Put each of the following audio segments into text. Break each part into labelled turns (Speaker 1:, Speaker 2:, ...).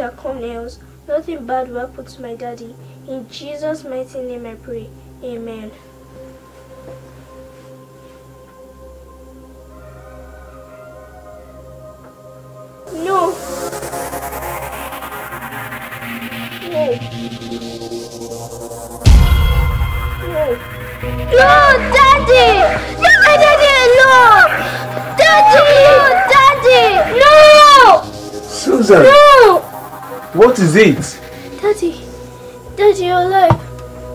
Speaker 1: shall come Nothing bad will happen to my daddy. In Jesus' mighty name I pray. Amen. it. Daddy, Daddy, you're alive.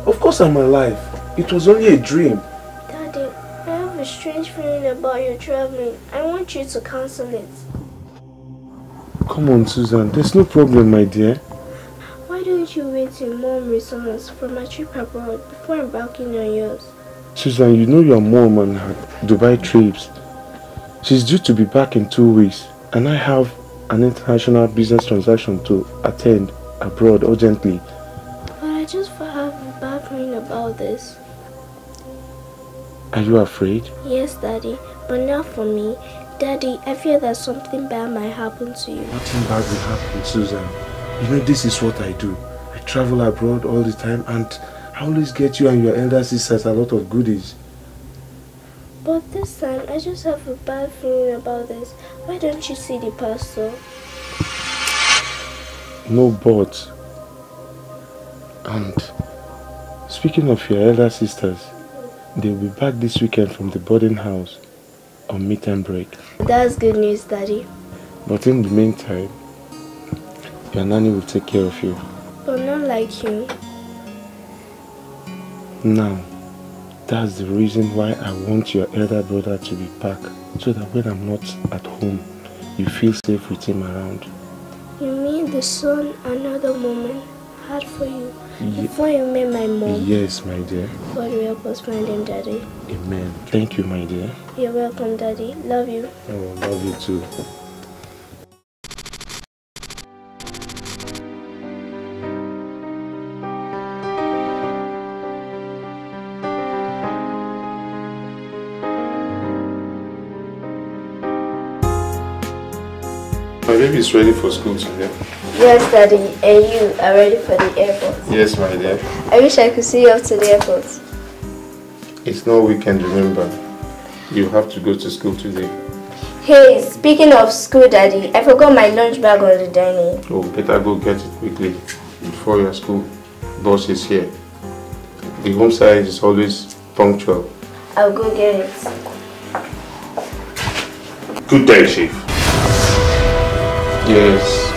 Speaker 2: Of course I'm alive. It was only a dream.
Speaker 1: Daddy, I have a strange feeling about your traveling. I want you to cancel it.
Speaker 3: Come on, Susan. There's no problem, my dear.
Speaker 1: Why don't you wait till mom returns from my trip abroad before embarking on yours?
Speaker 3: Susan, you know your mom and her Dubai trips. She's due to be back in two weeks, and I have an international business transaction to attend abroad urgently.
Speaker 1: But I just have a bad feeling about this.
Speaker 3: Are you afraid?
Speaker 1: Yes, Daddy, but not for me. Daddy, I fear that something bad might happen to you.
Speaker 3: Nothing bad will happen, Susan. You know, this is what I do. I travel abroad all the time and I always get you and your elder sisters a lot of goodies.
Speaker 1: But this time, I just have a bad feeling about this. Why don't you see the pastor?
Speaker 3: No but. And speaking of your elder sisters, they will be back this weekend from the boarding house on midterm break.
Speaker 1: That's good news, Daddy.
Speaker 3: But in the meantime, your nanny will take care of you.
Speaker 1: But not like you.
Speaker 3: Now, that's the reason why I want your elder brother to be back so that when I'm not at home, you feel safe with him around.
Speaker 1: You mean the son another woman had for you Ye before you met my mom?
Speaker 3: Yes, my dear.
Speaker 1: God will help us find him, Daddy.
Speaker 3: Amen. Thank you, my dear.
Speaker 1: You're welcome, Daddy. Love
Speaker 4: you.
Speaker 3: Oh, love you too. baby is ready for school today.
Speaker 4: Yes,
Speaker 1: Daddy, and you are ready for the airport.
Speaker 3: Yes, my dear.
Speaker 1: I wish I could see you up to the airport.
Speaker 3: It's no weekend, remember. You have to go to school today.
Speaker 1: Hey, speaking of school, Daddy, I forgot my lunch bag on the dining.
Speaker 3: Oh, better go get it quickly before your school bus is here. The home side is always punctual.
Speaker 1: I'll go get it.
Speaker 3: Good day, Chief. Yes.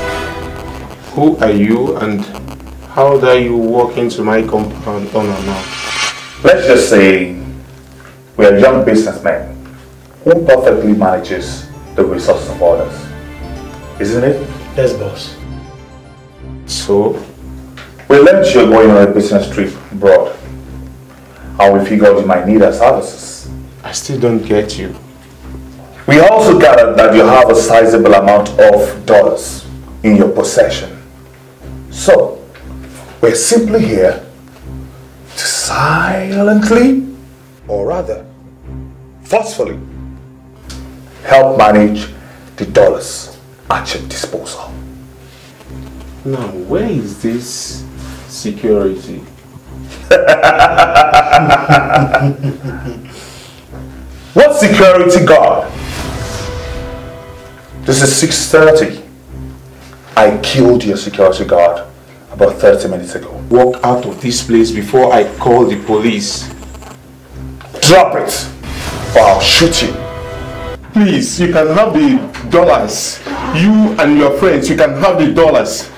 Speaker 3: Who are you and how dare you walk into my compound on oh, and off?
Speaker 5: Let's just say we are young businessmen who perfectly manages the resources of others. Isn't it? Yes, boss. So, we learned you're going on a business trip abroad. And we figured you might need our services. I still don't get you. We also gather that you have a sizable amount of dollars in your possession. So, we're simply here to silently, or rather, forcefully, help manage the dollars at your disposal. Now, where is this security? what security guard? This is 6.30. I killed your security guard about 30 minutes ago. Walk out of this place before I call the
Speaker 2: police. Drop it or I'll shoot you. Please, you can have the dollars. You and your friends, you can have the dollars.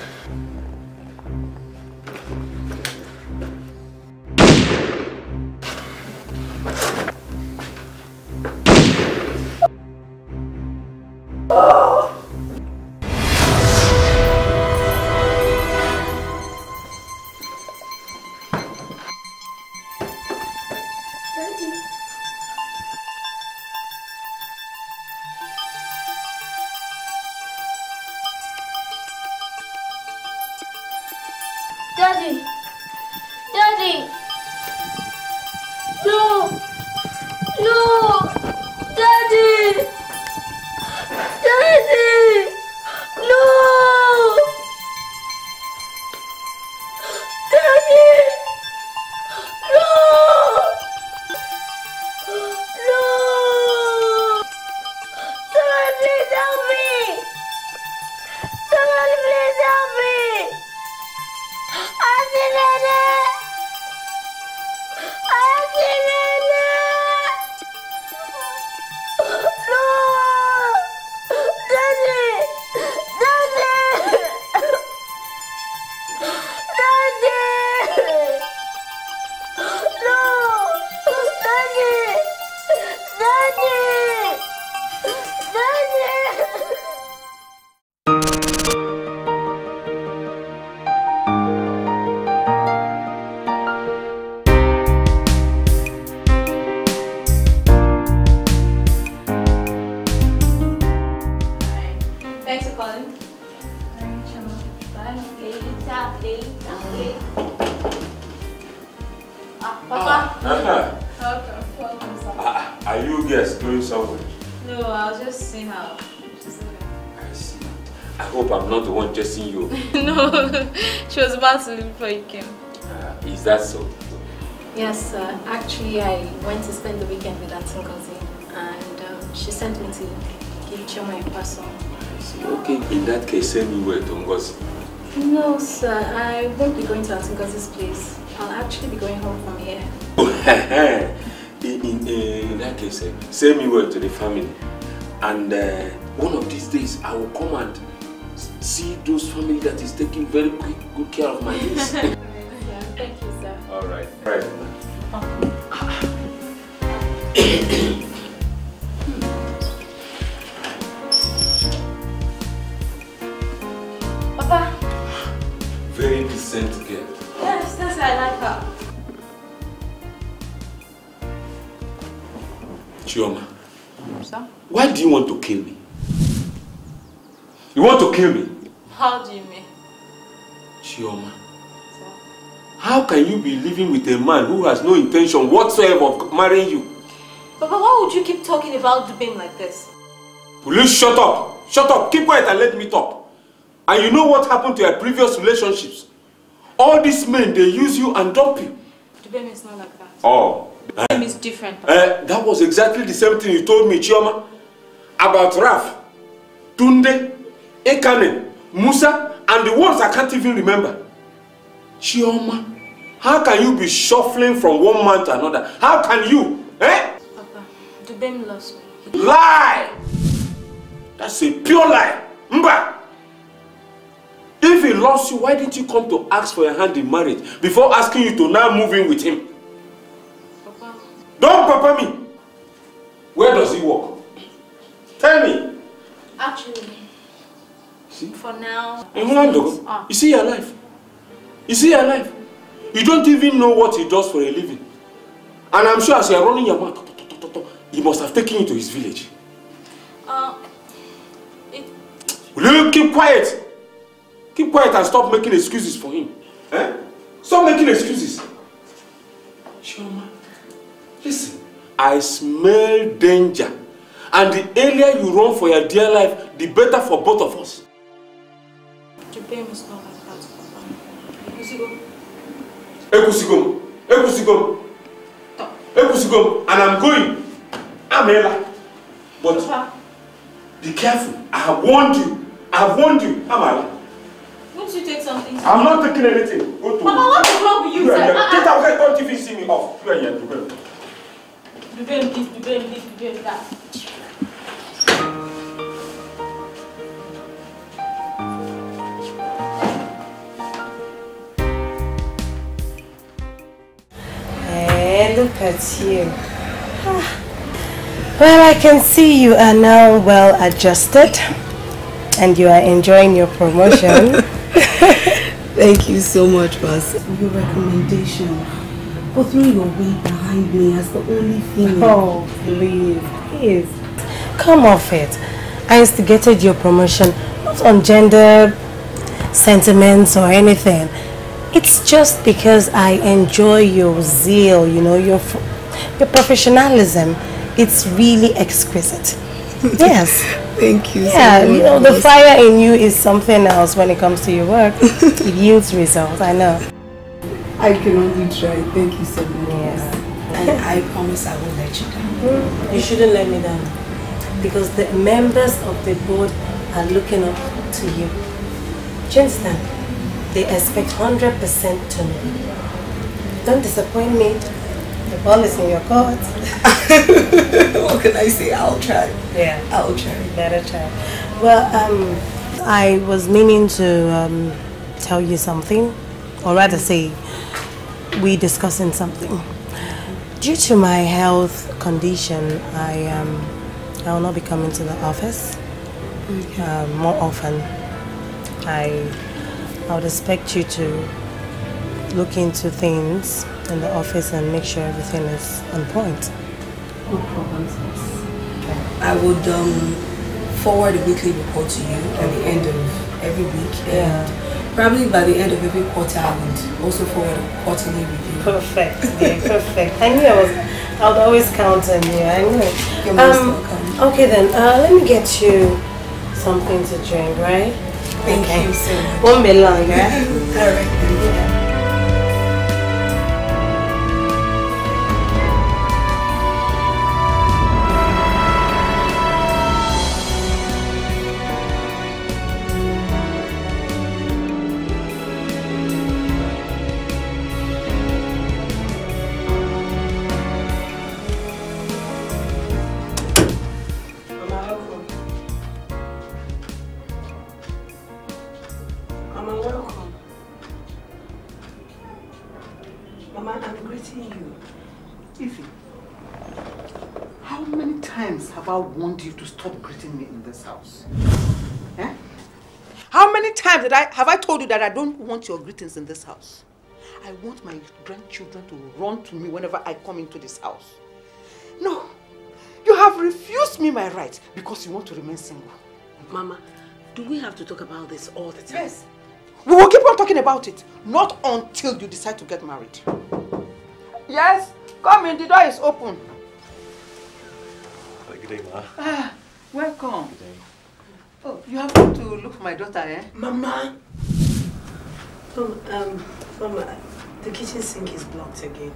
Speaker 6: Uh,
Speaker 2: is that so?
Speaker 6: Yes,
Speaker 7: sir. Uh, actually, I went to spend the weekend with Aunt Ngozi and um, she sent me to give you my parcel. Okay,
Speaker 2: in that case, send me where to Ngozi.
Speaker 7: No, sir. I won't be going to Aunt Ngozi's place. I'll actually be going home from here.
Speaker 2: in, in, in, that case, send me word to the family. And uh, one of these days, I will come and see those family that is taking very quick, good care of my niece.
Speaker 7: Thank you, sir.
Speaker 2: All right. All right. man who has no intention whatsoever of marrying you.
Speaker 7: Papa, why would you keep talking about Dubim like this?
Speaker 2: Will you shut up? Shut up. Keep quiet and let me talk. And you know what happened to your previous relationships? All these men, they use you and dump you.
Speaker 4: Dubim is not like that.
Speaker 2: Oh. Dubim uh, is different. Uh, that was exactly the same thing you told me, Chioma, about Raf, Tunde, Ekane, Musa, and the ones I can't even remember. Chioma. How can you be shuffling from one man to another? How can you? Eh? Papa,
Speaker 4: Dubem loves me. Lie!
Speaker 2: That's a pure lie. Mba! If he loves you, why didn't you come to ask for your hand in marriage before asking you to now move in with him? Papa. Don't papa me! Where does he work? Tell me!
Speaker 7: Actually, see? for now...
Speaker 2: In London, ah. you see your life. You see your life. You don't even know what he does for a living. And I'm sure as you're running your mouth, he must have taken you to his village. Uh, it... Will you keep quiet? Keep quiet and stop making excuses for him. Eh? Stop making excuses. Chioma, listen. I smell danger. And the earlier you run for your dear life, the better for both of us.
Speaker 4: Japan is not like that, Papa
Speaker 2: ekwusigo m ekwusigo and i'm going ameela but be careful i have warned you i have warned you amala
Speaker 4: won't you
Speaker 7: take something i'm not taking anything go to papa what is wrong with you, sir ah, ah. get
Speaker 2: out don't even see me off you and your duben duben this duben this duben that
Speaker 4: look at you.
Speaker 7: Well, I can see you are now well adjusted and you are enjoying your promotion. Thank you so much, boss. Your recommendation for throwing your weight behind me as the only female. Oh, please, please. Come off it. I instigated your promotion, not on gender sentiments or anything. It's just because I enjoy your zeal, you know, your, your professionalism. It's really exquisite. Yes. Thank you. Yeah, so you know, the fire in you is something else when it comes to your work. it yields results, I know. I can only try. Thank you so much. Yes. And I promise I won't let you down. You shouldn't let me down. Because the members of the board are looking up to you. Do you understand? They expect 100%
Speaker 4: me.
Speaker 7: Don't disappoint me. The ball is in your court. what can I say? I'll try. Yeah. I'll try. Better try. Well, um, I was meaning to um, tell you something, or rather say, we discussing something. Due to my health condition, I um, I will not be coming to the office okay. uh, more often. I I would expect you to look into things in the office and make sure everything is on point. No I would um, forward a weekly report to you at the end of every week. Yeah. probably by the end of every quarter, I would also forward a quarterly review. Perfect, yeah, perfect. I knew I was, I would always count on you. I knew. You're most um, welcome. Okay then, uh, let me get you something to drink, right? Thank okay. you so much. One belong, yeah?
Speaker 4: All right.
Speaker 7: Mama, welcome. Mama, I'm greeting you. Ify, how many times have I warned you to stop greeting me in this house? Eh? How many times did I, have I told you that I don't want your greetings in this house? I want my grandchildren to run to me whenever I come into this house. No, you have refused me my right because you want to remain single. Mama, do we have to talk about this all the time? Yes, we will keep on talking about it. Not until you decide to get married. Yes, come in. The door is open. Good day, Ma. Ah, welcome. Good day. Oh, you have come to
Speaker 8: look for my daughter, eh? Mama! Mama, um, Mama, the kitchen sink is blocked again.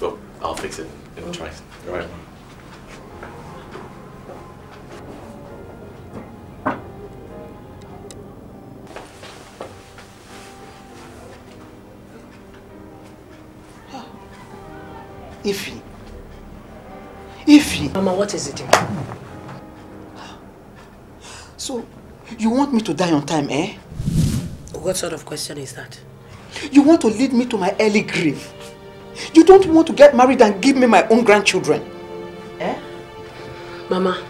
Speaker 8: Well, I'll fix it in a try. All right,
Speaker 7: Mama, what is it? So, you want me to die on time, eh? What sort of question is that? You want to lead me to my early grave. You don't want to get married and give me my own grandchildren. Eh? Mama.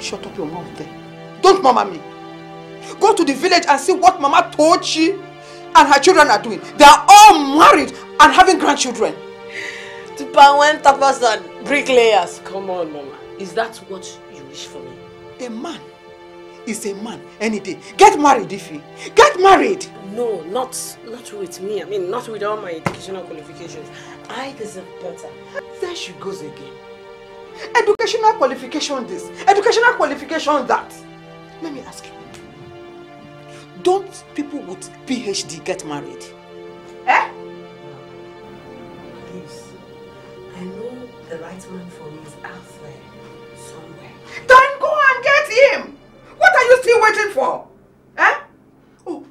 Speaker 7: Shut up your mouth there. Don't mama me. Go to the village and see what Mama told Tochi and her children are doing. They are all married and having grandchildren. To went tappers and bricklayers. Come on, Mama. Is that what you wish for me? A man is a man any day. Get married, Ify. Get married. No, not not with me. I mean, not with all my educational qualifications. I deserve better. There she goes again. Educational qualification this, educational qualification that. Let me ask you. Don't people with PhD get married? Eh? Please. I know the right man for me is elsewhere, somewhere. Then go and get him! What are you still waiting for? Eh? Oh,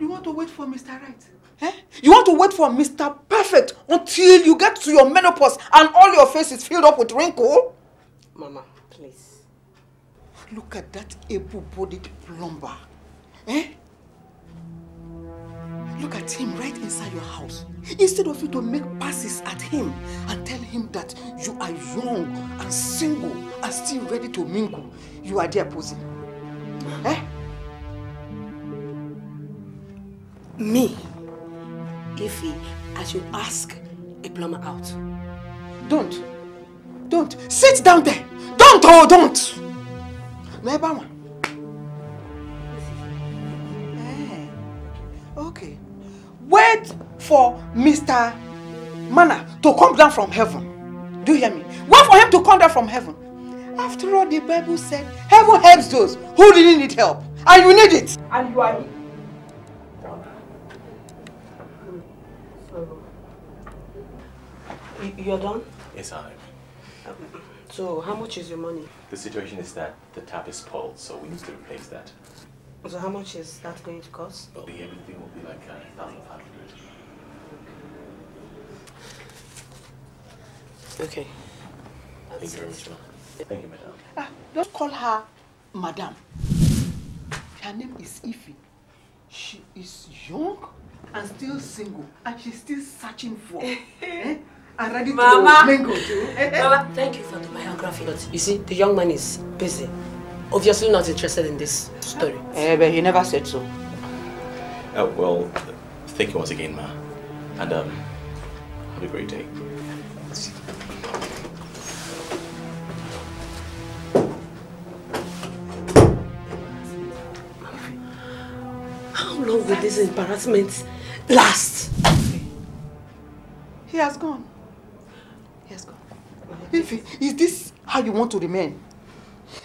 Speaker 7: you want to wait for Mr. Right? Eh? You want to wait for Mr. Perfect until you get to your menopause and all your face is filled up with wrinkle? Mama, please. Look at that able-bodied plumber. Eh? Look at him right inside your house. Instead of you to make passes at him and tell him that you are young and single and still ready to mingle, you are there posing. Eh? Me, Ify, as you ask a plumber out. Don't. Don't. Sit down there. Don't, oh, don't. Never one. Eh. Okay. Wait for Mr manna to come down from heaven. Do you hear me? Wait for him to come down from heaven. After all, the Bible said heaven helps those who really need help. And you need it. And you are here. You're done?
Speaker 8: Yes, I am. so, how much is your money? The situation is that the tap is pulled, so we need to replace that. So, how much is that going to cost? Well, everything will be like a uh, thousand pounds. Okay. Thank you very much, ma'am. Thank you, madam.
Speaker 7: Ah, don't call her madam. Her name is Ify. She is young and still single, and she's still
Speaker 4: searching for. eh? And ready Mama.
Speaker 7: to mingle too. Eh? Mama, thank you for the biography. But you see, the young man is busy. Obviously not interested in this story. Eh, but he never said so.
Speaker 8: Uh, well, thank you once again, ma. And um, have a great day.
Speaker 7: long will this embarrassment last? He has gone. He has gone. Ify, is this how you want to remain?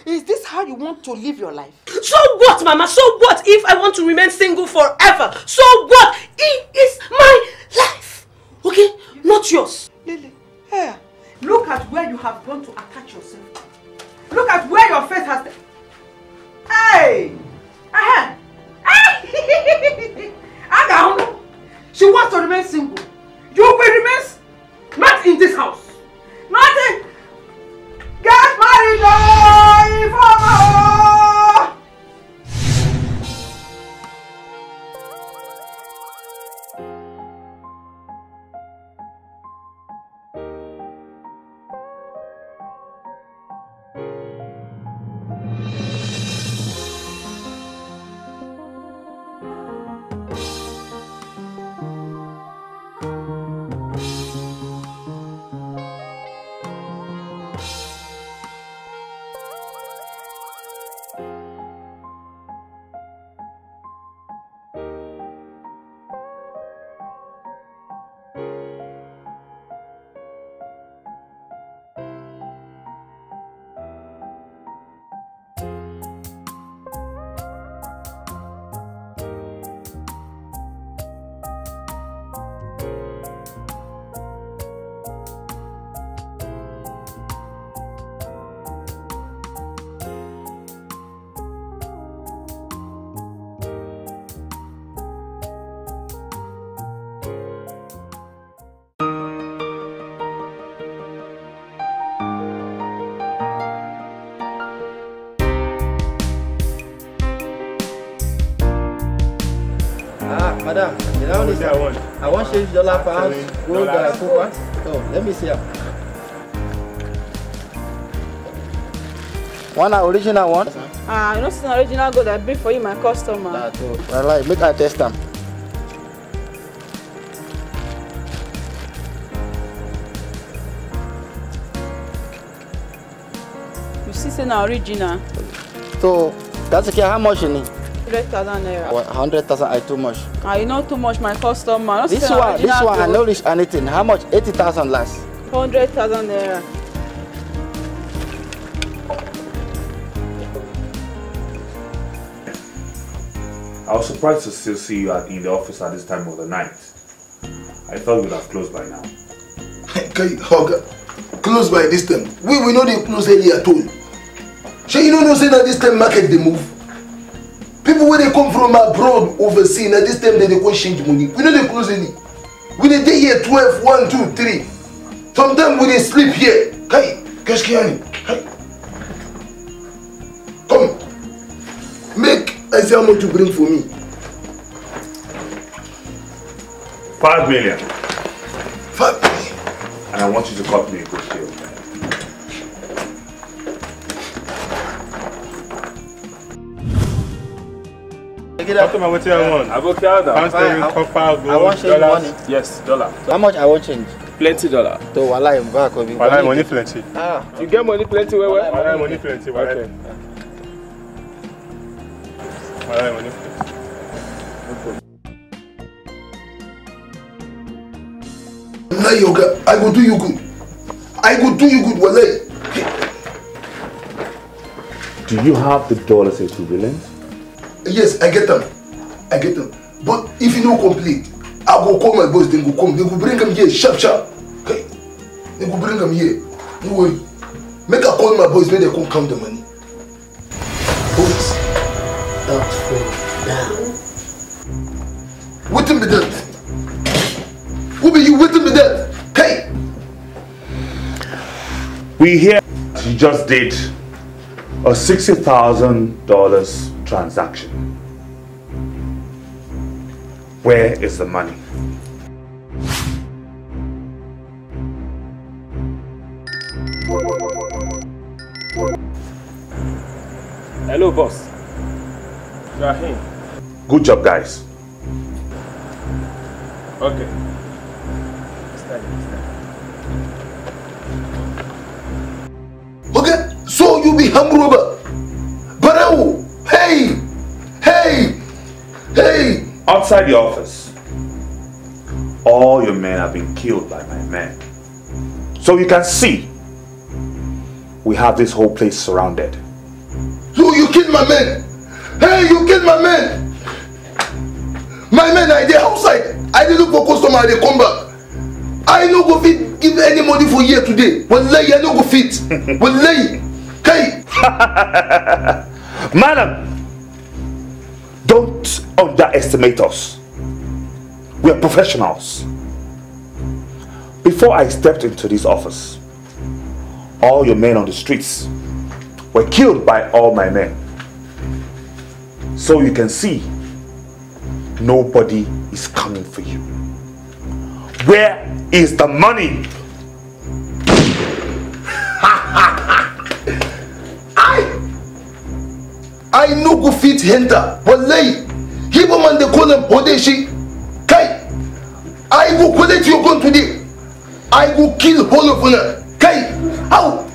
Speaker 7: Is this how you want to live your life? So what, Mama? So what if I want to remain single forever? So what? It is my life, okay? Lily. Not yours.
Speaker 4: Lily, here.
Speaker 7: Look at where you have gone to attach yourself. Look at where your face has... Hey! Uh-huh. Aga She wants to remain single. You will remain not in this house. Nothing. Get married, oh,
Speaker 2: see I want. I want change dollar pound, gold, dollar coupon. So oh, let me see.
Speaker 7: One original one. Ah, uh, you know it's an original gold I bring for you, my customer. That's
Speaker 2: all. Well, like, make I test them.
Speaker 7: You see, it's an original.
Speaker 9: So that's okay. How much you need?
Speaker 7: 100,000 naira.
Speaker 9: 100,000 I too much.
Speaker 7: Are ah, you know too much, my customer. This one, this one, I know
Speaker 2: reach anything. How much? 80,000 last.
Speaker 7: 100,000 naira.
Speaker 5: I was surprised to still see you in the office at this time of the night. I thought we'd have closed by now.
Speaker 9: close by this time. We we know close any at all. Shey you no know say that this time market the move. people wey dey come from abroad overseas na this time dem dey go change money we no dey close any we dey dey here twelve one two three sometimes we dey sleep here kai gaskiya ne kai come make i see how much you bring for me.
Speaker 5: five million. five million. and i want you to cut me a good deal.
Speaker 2: it up. Talk about what you want. I go carry that. Pound sterling, gold, I want change dollars. money. Yes, dollar. How much I want change? Plenty dollar. So wala im back Wala money plenty. Ah, you get money plenty where where? Wala money plenty. Wala. Okay.
Speaker 4: Wala money plenty.
Speaker 9: Now you I will do you good. I will do you good, Wale.
Speaker 5: Do you have the dollars equivalent?
Speaker 9: yes i get am i get am but if you no complete i go call my boys dem go come dem go bring am here sharp sharp okay dem go bring am here no worry make i call my boys make dem come count the money. boys dat fall down. wetin be dat who be you wetin be dat hey.
Speaker 5: we hear you just did a $60,000 transaction. Where is the
Speaker 9: money? Hello,
Speaker 2: boss. Rahim.
Speaker 5: Good job, guys.
Speaker 2: Okay.
Speaker 9: so you be hamruba barau oh, hey hey hey outside the office
Speaker 5: all your men have been killed by my men so you can
Speaker 9: see we
Speaker 5: have this whole place surrounded
Speaker 9: you you killed my men hey you killed my men my men are there outside i didn't look for customer they come back i no go fit give money for here today lay, i no go fit lay.
Speaker 5: Madam, don't underestimate us. We are professionals. Before I stepped into this office, all your men on the streets were killed by all my men. So you can see, nobody is coming for you. Where is the money?
Speaker 9: I no go fit enter wallahi even man they call him Hodeshi. kai I go collect your gun today I go kill all of them. kai how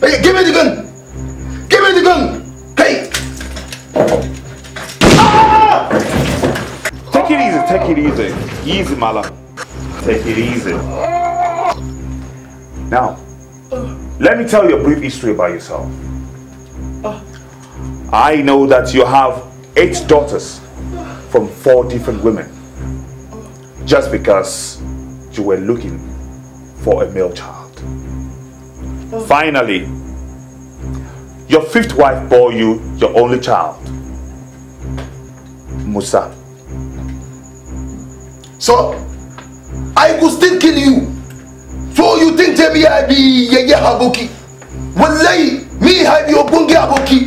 Speaker 9: hey, give me the gun give me the gun kai
Speaker 5: take it easy take it easy easy mala take it easy now let me tell you a brief history about yourself I know that you have eight daughters from four different women just because you were looking for a male child. Finally, your fifth wife bore you your only child, Musa.
Speaker 9: So, I could still kill you. So you think Jabia be Yeye Habuki? Wallahi, me haibionge aboki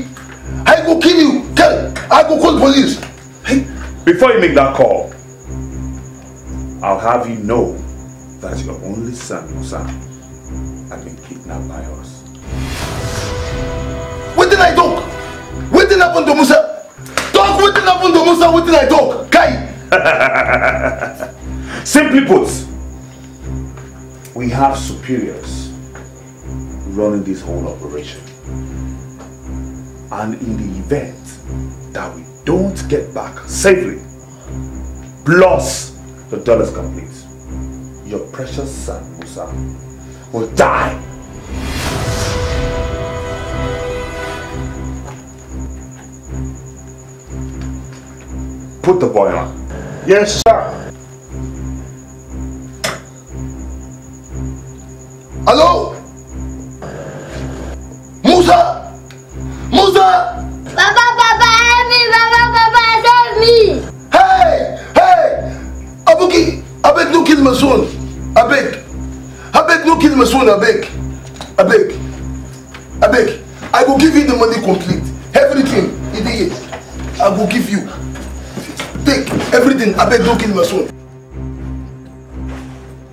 Speaker 9: i go kill you tell i go call police before you make
Speaker 5: that call i'll have you know that your only son
Speaker 9: musa has
Speaker 5: been kidnapped by us
Speaker 9: What did i talk What happen to musa talk did happen to musa did i talk kai
Speaker 5: simply put we have superiors running this whole operation and in the event that we don't get back safely, plus the dollars complete, your precious son, Musa, will die. Put the boy on.
Speaker 9: Yes, sir. Hello? Musa? Musa.
Speaker 6: Papa, Papa, help me! Papa, Papa, bàbá me! Hey
Speaker 9: hey Abuki abeg no kill my son abeg abeg no kill my son abeg abeg abeg I will give you the money complete everything idiot. I will give you take everything abeg no kill my son.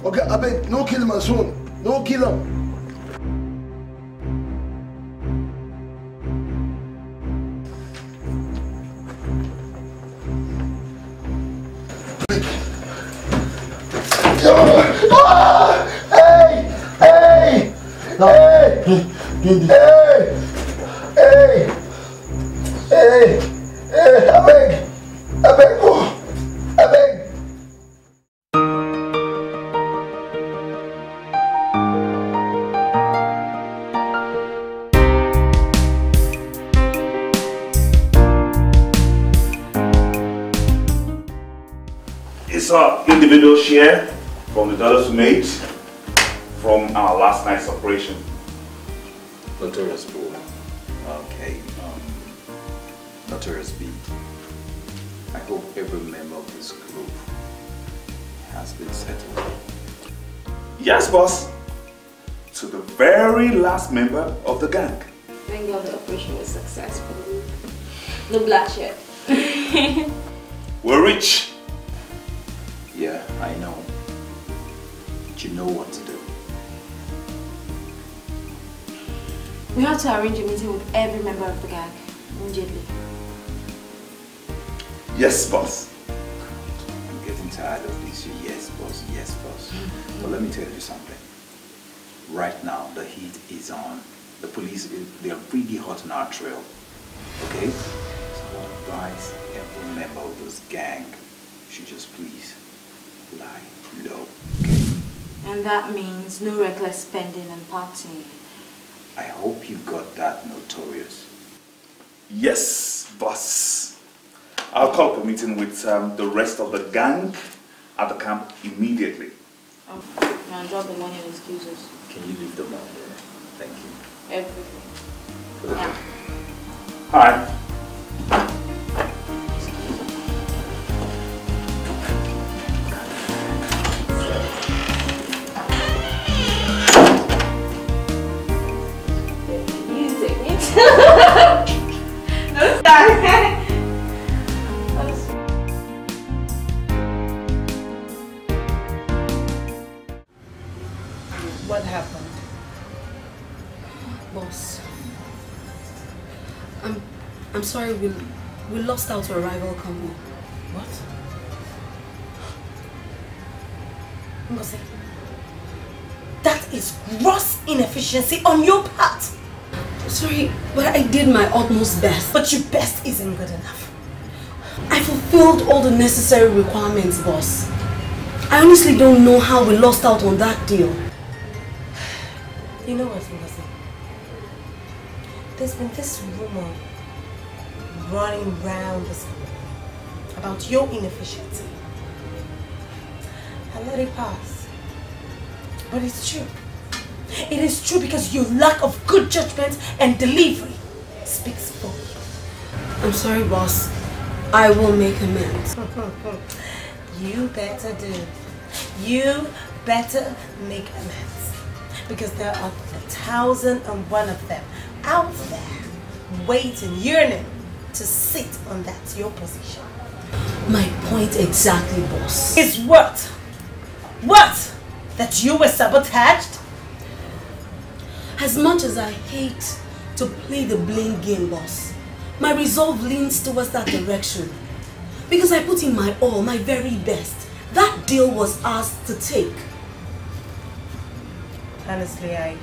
Speaker 9: Okay abeg no kill my son no kill him. Oh hey Hey non. Hey Hey Hey Hey Hey Avec Avec vous Avec
Speaker 5: It's an individual share from the dollars we made from our last night's operation.
Speaker 8: Notorious Bull. Okay.
Speaker 5: Um, Notorious B. I hope every member of this group has been settled. Yes, boss. To the very last member of the gang.
Speaker 6: Thank God the
Speaker 7: operation was successful. No bloodshed.
Speaker 5: We're rich. you know what to do.
Speaker 7: We have to arrange a meeting with every member of the gang immediately.
Speaker 5: Yes, boss. I'm getting tired of this. Yes, boss. Yes, boss. but let me tell you something. Right now, the heat is on. The police, they are pretty hot on our trail. Okay? So I advise every member of this gang
Speaker 6: should just please lie low. And that means no reckless spending and partying. I
Speaker 5: hope you got that, Notorious. Yes, boss. I'll call up a meeting with um, the rest of the gang at the camp immediately.
Speaker 7: Oh, now drop the money and excuses.
Speaker 2: Can you leave them money? there? Thank you.
Speaker 4: Everything.
Speaker 2: Yeah. Hi.
Speaker 7: Boss, I'm, I'm sorry we, we lost out to a rival company. What? Ngose, that is gross inefficiency on your part. Sorry, but I did my utmost best. But your best isn't good enough. I fulfilled all the necessary requirements, boss. I honestly don't know how we lost out on that deal. You know what, Ngose? there's been this rumor running around the school about your inefficiency. I let it pass. But it's true. It is true because your lack of good judgment and delivery speaks for you. I'm sorry, boss. I will make amends. you better do. You better make amends. Because there are a thousand and one of them out there waiting, yearning to sit on that your position. My point exactly, boss. Is what? What? That you were sabotaged? As much as I hate to play the blame game, boss, my resolve leans towards that direction. Because I put in my all, my very best. That deal was asked to take. Honestly, I...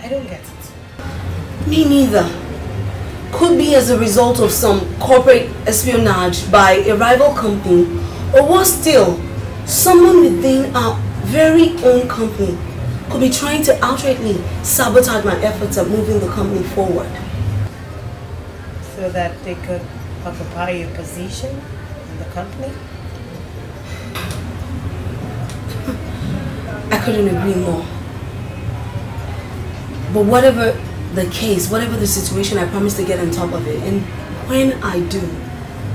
Speaker 7: I don't get it. Me neither. Could be as a result of some corporate espionage by a rival company, or worse still, someone within our very own company could be trying to outrightly sabotage my efforts at moving the company forward. So that they could occupy your position in the company?
Speaker 4: I couldn't agree
Speaker 7: more. But whatever the case, whatever the situation, I promise to get on top of it. And when I do,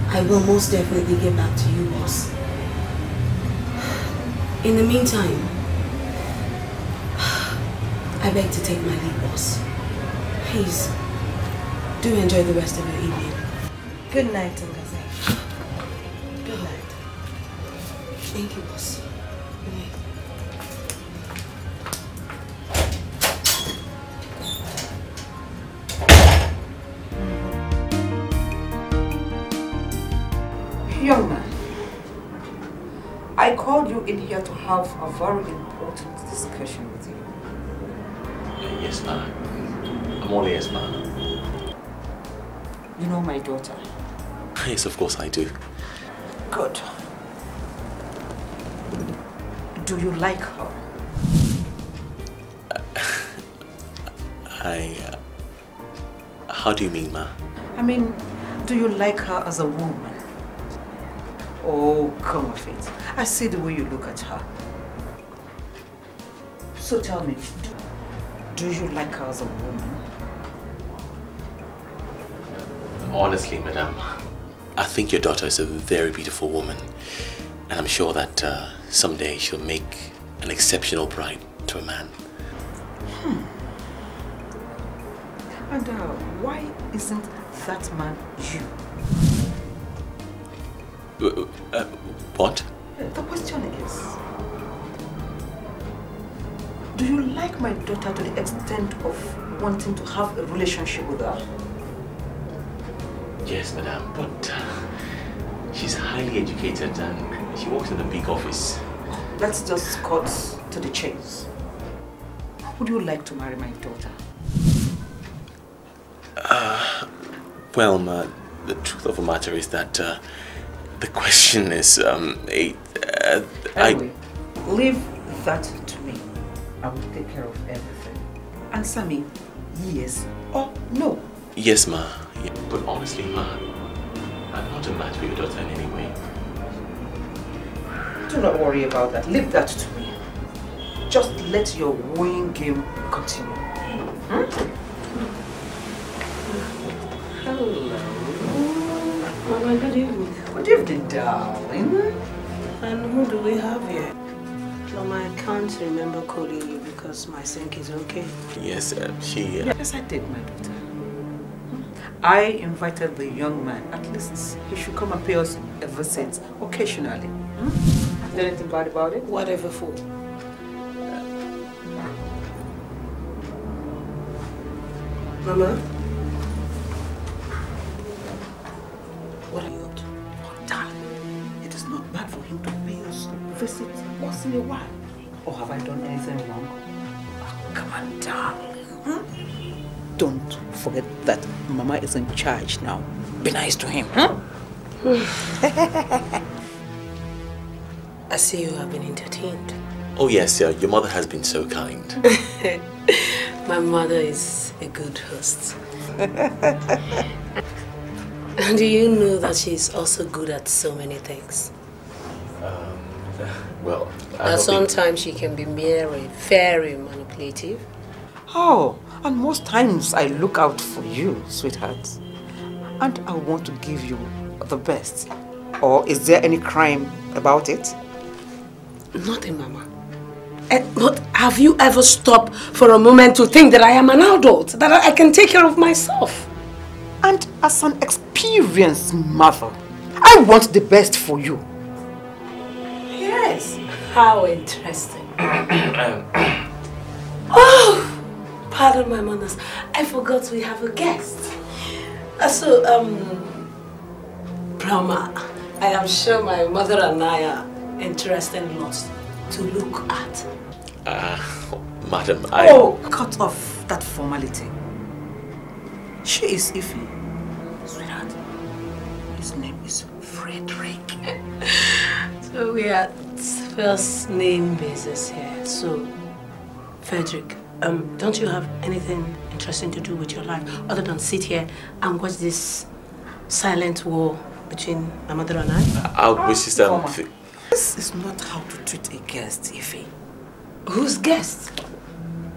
Speaker 7: I will most definitely get back to you, boss. In the meantime, I beg to take my leave, boss. Please, do enjoy the rest of your evening. Good night, Ngozi. Good night. Thank you, boss.
Speaker 4: called you in here to have a very important discussion with you.
Speaker 8: Yes, ma'am. I'm only yes, ma'am. You know my daughter? Yes, of course I do.
Speaker 7: Good. Do you like her?
Speaker 8: Uh, I... Uh, how do you mean, ma?
Speaker 7: I mean, do you like her as a woman? Oh, come of it. I see the way you look at her. So tell me, do, do you like her as a woman?
Speaker 8: Honestly, madam, I think your daughter is a very beautiful woman. And I'm sure that uh, someday she'll make an exceptional bride to a man. Hmm.
Speaker 7: And uh, why isn't that man you? Uh, uh, what? The question is, do you like my daughter to the extent of wanting to have a relationship with her?
Speaker 8: Yes, madam, but uh, she's highly educated and she works in a big office. Let's just cut to the chase.
Speaker 7: Would you like to marry my daughter?
Speaker 8: Uh, well, ma, the truth of the matter is that uh, the question is, um, it, uh, anyway,
Speaker 7: I... Leave that to me. I will take care of everything. Answer me, yes or no.
Speaker 8: Yes, ma. Yeah. But honestly, ma, I'm not a match for your daughter in any way.
Speaker 7: Do not worry about that. Leave that to me. Just let your wooing game continue. Hmm?
Speaker 4: Hello. Mama, good evening.
Speaker 7: What have evening, darling. And who do we have here? Mama, I can't remember calling you because my sink is okay.
Speaker 8: Yes, uh, she... Uh...
Speaker 7: Yes, I did, my daughter. I invited the young man. At least he should come and pay us a visit occasionally. Hmm? Have anything bad about it? Whatever for. Mama? me why. Or have I done anything wrong? Oh, come on, darling. Hmm? Don't forget that
Speaker 8: Mama is in charge now.
Speaker 7: Be nice to him. Hmm? I see you have been entertained.
Speaker 8: Oh yes, yeah. Your mother has been so kind.
Speaker 7: My mother is a good host. Do you know that she is also good at so many things?
Speaker 8: Well, and
Speaker 7: sometimes she can be very, very manipulative. Oh, and most times I look out for you, sweetheart. And I want to give you the best. Or is there any crime about it? Nothing, Mama. But eh, have you ever stopped for a moment to think that I am an adult, that I can take care of myself? And as an experienced mother, I want the best for you. How interesting. oh, pardon my manners. I forgot we have a guest. Uh, so, um, Brahma, I am sure my mother and I are interesting lots to look at.
Speaker 8: Ah, uh, madam, I... Oh,
Speaker 7: cut off that formality. She
Speaker 8: is Ify. Sweetheart, his name is Frederick.
Speaker 7: So we are first name basis here. So, Frederick, um, don't you have anything interesting to do with your life other than sit here and watch this silent war between my mother and I?
Speaker 8: I'll be sister. Oh,
Speaker 7: this is not how to treat a guest, Ife. Whose guest?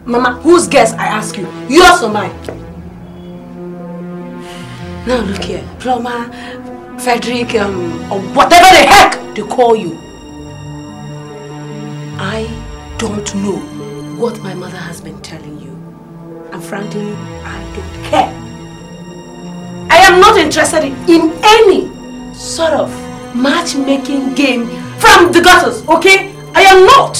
Speaker 7: Mama, whose guest, I ask you? Yours or mine? Now look here, plumber, Frederick, um, or whatever the heck they call you. I don't know what my mother has been telling you. And frankly, I don't care. I am not interested in, in any sort of matchmaking game from the gutters, okay? I am not.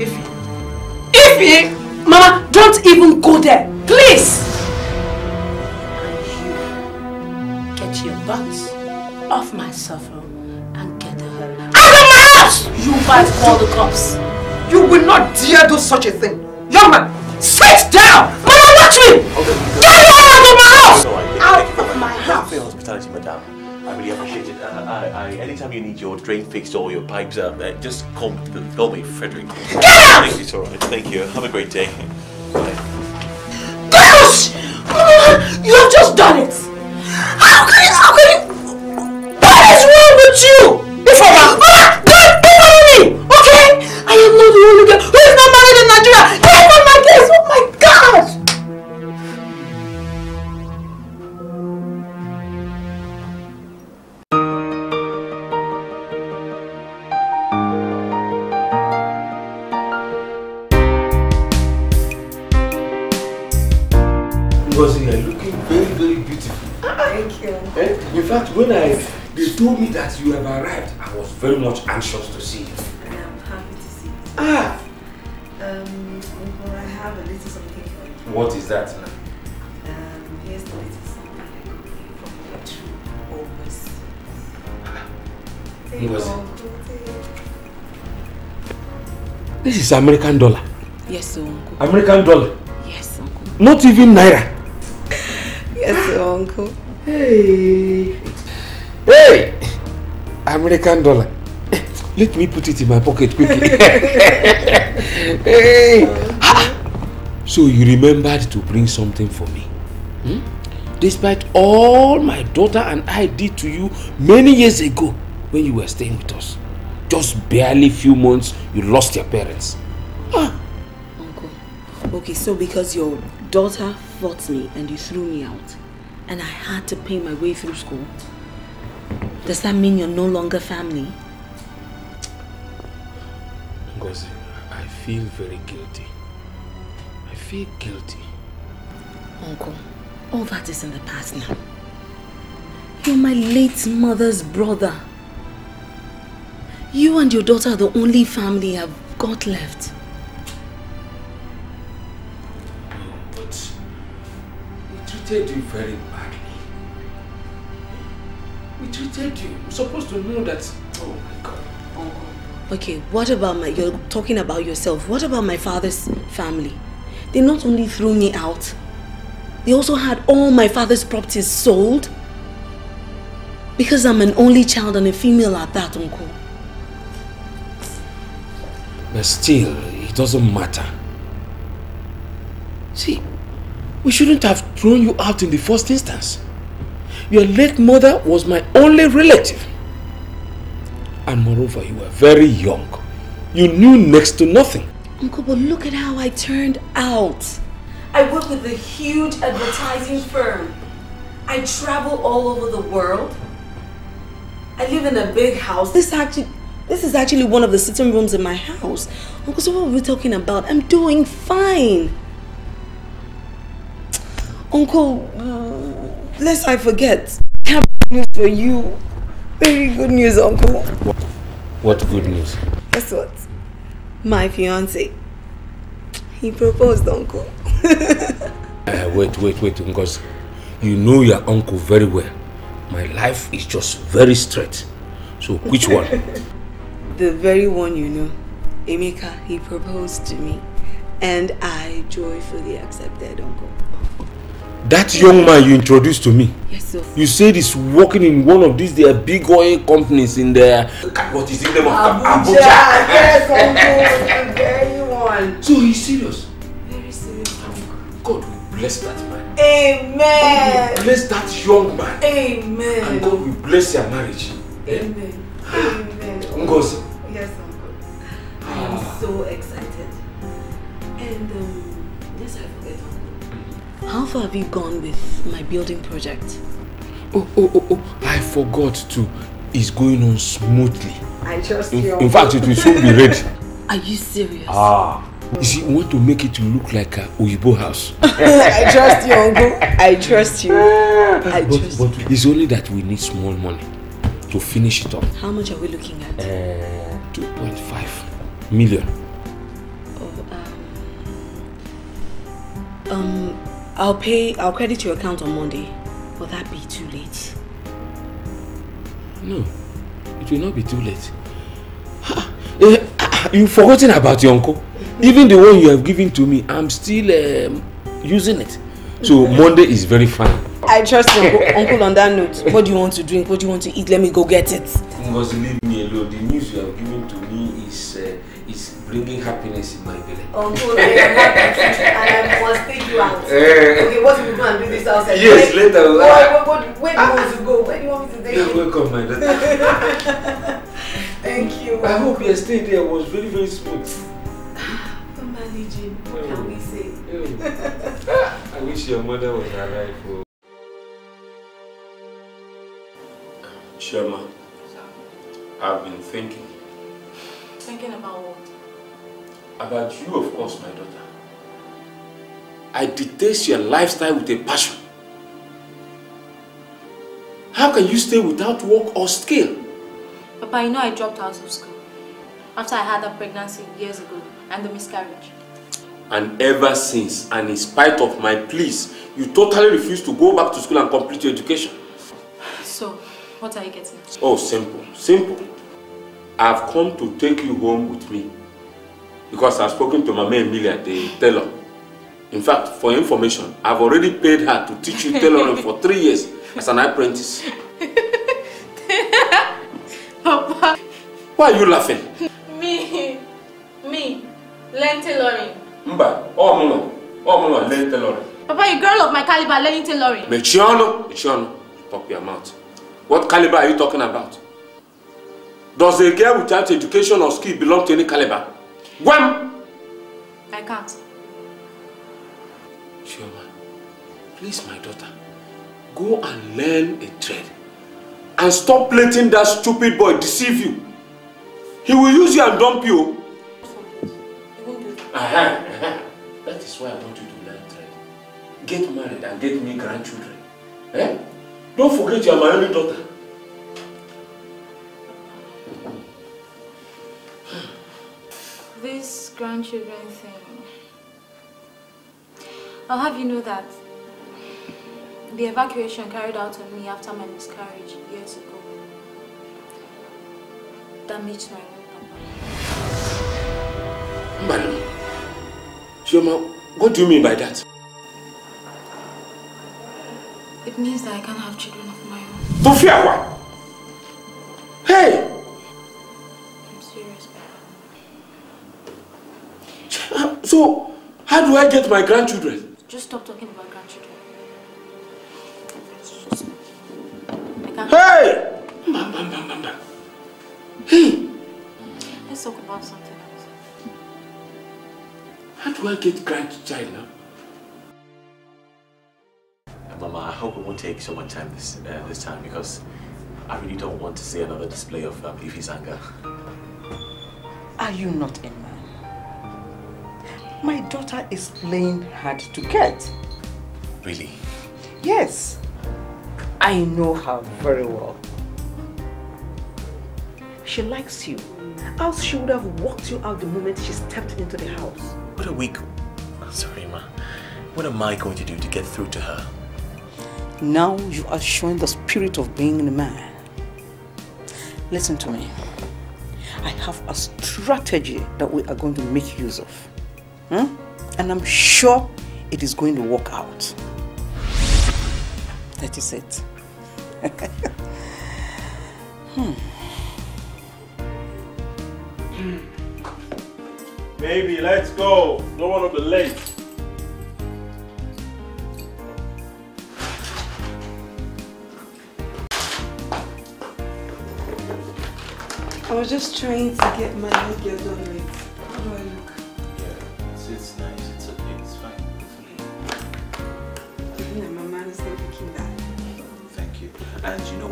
Speaker 7: Ify. Ify! Mama, don't even go there, please! butt off my sofa and get the hell out of my house! You might call the cops. You will not dare do such a thing. Young man, sit down! But I watch me! Okay,
Speaker 8: get you out of my house! No, out of my house! Thank you hospitality, madam. I really appreciate it. I, uh, I, I, anytime you need your drain fixed or your pipes up, uh, just call, call me Frederick. Get out! Thank It's alright. Thank you. Have a great day.
Speaker 4: Gosh!
Speaker 6: You have just done it! How can you with you? Ifeoma. Ah, Mama, don't, don't marry me, okay? I am not the only girl who is not married in Nigeria.
Speaker 2: I was very much anxious to see it. I am happy
Speaker 4: to see it. Ah!
Speaker 7: Um, well, I have a little something for you. What is that now? Um, here's the little something from your true always.
Speaker 4: It This
Speaker 2: is American dollar.
Speaker 7: Yes, sir, uncle.
Speaker 2: American dollar? Yes, uncle. Not even naira.
Speaker 7: yes, sir, uncle. Hey. Hey!
Speaker 2: American dollar. Eh, let me put it in my pocket quickly. hey. So you remembered to bring something for me. Hmm? Despite all my daughter and I did to you many years ago when you were staying with us. Just barely few months, you lost your parents.
Speaker 7: Ah. Uncle, okay, so because your daughter fought me and you threw me out and I had to pay my way through school, does that mean you're no longer family?
Speaker 2: Ngozi, I
Speaker 3: feel very guilty.
Speaker 7: I feel guilty. Uncle, all that is in the past now. You're my late mother's brother. You and your daughter are the only family I've got left.
Speaker 2: But we treated you very treated you. You're
Speaker 7: supposed to know that.
Speaker 2: Oh my God.
Speaker 7: Uncle. Okay, what about my... You're talking about yourself. What about my father's family? They not only threw me out, they also had all my father's properties sold. Because I'm an only child and a female at that, uncle.
Speaker 2: But still, it doesn't matter.
Speaker 7: See, we shouldn't have
Speaker 2: thrown you out in the first instance. Your late mother was my only relative. And moreover, you were very young. You knew next to nothing.
Speaker 7: Uncle, but look at how I turned out. I work with a huge advertising firm. I travel all over the world. I live in a big house. This actually, this is actually one of the sitting rooms in my house. Uncle, so what are we talking about? I'm doing fine. Uncle, uh, Lest I forget, I have news for you. Very good news, Uncle.
Speaker 2: What, what good news?
Speaker 7: Guess what? My fiance. He proposed, Uncle.
Speaker 2: uh, wait, wait, wait, because you know your uncle very well. My life is just very straight. So which one?
Speaker 7: the very one you know. Emeka, he proposed to me. And I joyfully accepted, Uncle.
Speaker 2: That young man you introduced to me. Yes, sir. You said he's working in one of these their big oil companies in there. what is the name of Abuja? Abuja. Yes,
Speaker 4: uncle,
Speaker 7: very one. So he's serious. Very serious. God will bless that man. Amen.
Speaker 2: God bless that young man.
Speaker 7: Amen. And God
Speaker 2: will bless your marriage.
Speaker 7: Eh? Amen. Amen. Ngozi. Yes, uncle. I am ah. so excited. And um, How far have you gone with my building project? Oh,
Speaker 2: oh, oh, oh, I forgot to. It's going on smoothly.
Speaker 7: I trust in, you. In fact, it will soon be ready. Are you serious?
Speaker 2: Ah. You see, we want to make it look like a uh, Uyibo house.
Speaker 7: I trust you, uncle. I trust you. I but, trust but
Speaker 2: you. It's only that we need small money to finish it up.
Speaker 7: How much are we looking at?
Speaker 2: Uh, eh, 2.5 million.
Speaker 7: Oh, um, um, I'll pay, I'll credit your account on Monday. Will that be too late?
Speaker 4: No,
Speaker 2: it will not be too late. Eh, you've forgotten about your uncle.
Speaker 7: Even the one you have given to me, I'm still um, using it. So Monday is very fine. I trust uncle, uncle on that note. What do you want to drink? What do you want to eat? Let me go get it. You must leave me alone. The news you have given to bringing happiness in my belly. Uncle, oh, um, I'm happy and I must take you out. Eh. okay, what if we go and do this outside? Yes, where, later. Where, where, ah. where, where do you want to go? Where do you want me to take you? welcome, my daughter. Thank you. I hope
Speaker 2: your stay there was very, very smooth. I'm
Speaker 7: managing. What can we say? Eh.
Speaker 2: I wish your mother was alive. Oh. Sherma, I've been thinking.
Speaker 4: Thinking about what?
Speaker 2: About you, of course, my daughter. I detest your lifestyle with a passion. How can you stay without work or skill?
Speaker 7: Papa, you know I dropped out of school after I had that pregnancy years ago and the miscarriage. And ever since, and in spite of my pleas,
Speaker 6: you totally refuse to go back to school and complete your education. So, what are you getting? Oh,
Speaker 2: simple, simple. I've come to take you home with me. because I've spoken to Mama Emilia, the tailor. In fact, for information, I've already paid her to teach you tailoring for three years as an apprentice. Papa. Why are you laughing?
Speaker 4: Me. Me.
Speaker 7: Learn tailoring.
Speaker 2: Mba. Oh, Mulo. Oh, Mulo. Learn tailoring.
Speaker 7: Papa, you girl of my caliber
Speaker 6: learning tailoring.
Speaker 2: Mechiano. Mechiano. Pop your mouth. What caliber are you talking about? Does a girl without education or skill belong to any caliber? Wham! I can't. Shioma, please, my daughter, go and learn a trade. And stop letting that stupid boy deceive you. He will use you and dump you. Uh-huh, That is why I want you to learn trade. Get married and get me grandchildren. Eh? Don't forget you are my only daughter.
Speaker 7: this grandchildren thing,
Speaker 4: I'll have you know that
Speaker 7: the evacuation carried out on me after my miscarriage years ago
Speaker 6: damaged my own papa.
Speaker 2: Madam, Shioma, what do you mean by that?
Speaker 7: It means that I can't have children of my own.
Speaker 2: Don't fear what? So, how do I get my grandchildren?
Speaker 4: Just stop talking about grandchildren.
Speaker 2: Hey!
Speaker 4: Bam, bam, bam, bam,
Speaker 2: bam.
Speaker 7: Hey! Let's talk about something else.
Speaker 8: How do I get grandchildren? now? Uh, mama, I hope it won't take so much time this uh, this time because I really don't want to see another display of uh, Beefy's anger.
Speaker 7: Are you not enough? My daughter is playing hard to get. Really? Yes. I know her very well. She likes you. Else she would have walked you out the moment she stepped into the
Speaker 8: house. What are we... Sorry, ma. What am I going to do to get through to her?
Speaker 7: Now you are showing the spirit of being a man. Listen to me. I have a strategy that we are going to make use of. Hmm? And I'm sure it is going to work out. That is it.
Speaker 4: hmm.
Speaker 5: Baby, let's go. Don't want to be late.
Speaker 7: I was just trying to get my hair done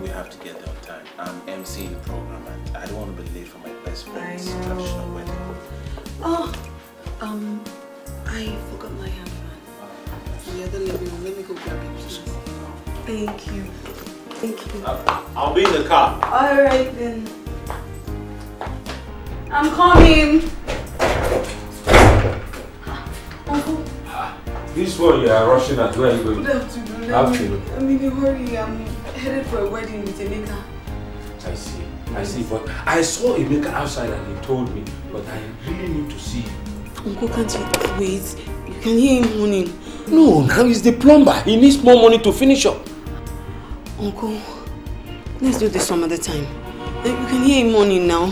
Speaker 8: we have to get there on time. I'm emceeing the program and I don't want to be late for my best friend's traditional wedding.
Speaker 6: Oh,
Speaker 7: um, I forgot my handbag. Oh. The other living room. Let me go grab it. Thank you. Thank you. Uh,
Speaker 2: I'll be in the car.
Speaker 7: All right then. I'm coming. Ah, this one you are rushing at, where are you going? Afternoon. I'm in a hurry. I'm headed for a
Speaker 2: wedding with Emeka. I see. I see. But I saw Emeka outside and he told me, but I really need to see you.
Speaker 7: Uncle, can't you wait?
Speaker 2: You can hear him moaning. No, now he's the plumber. He needs more money to finish up.
Speaker 7: Uncle, let's do this some other time. Eh, you can hear him moaning now.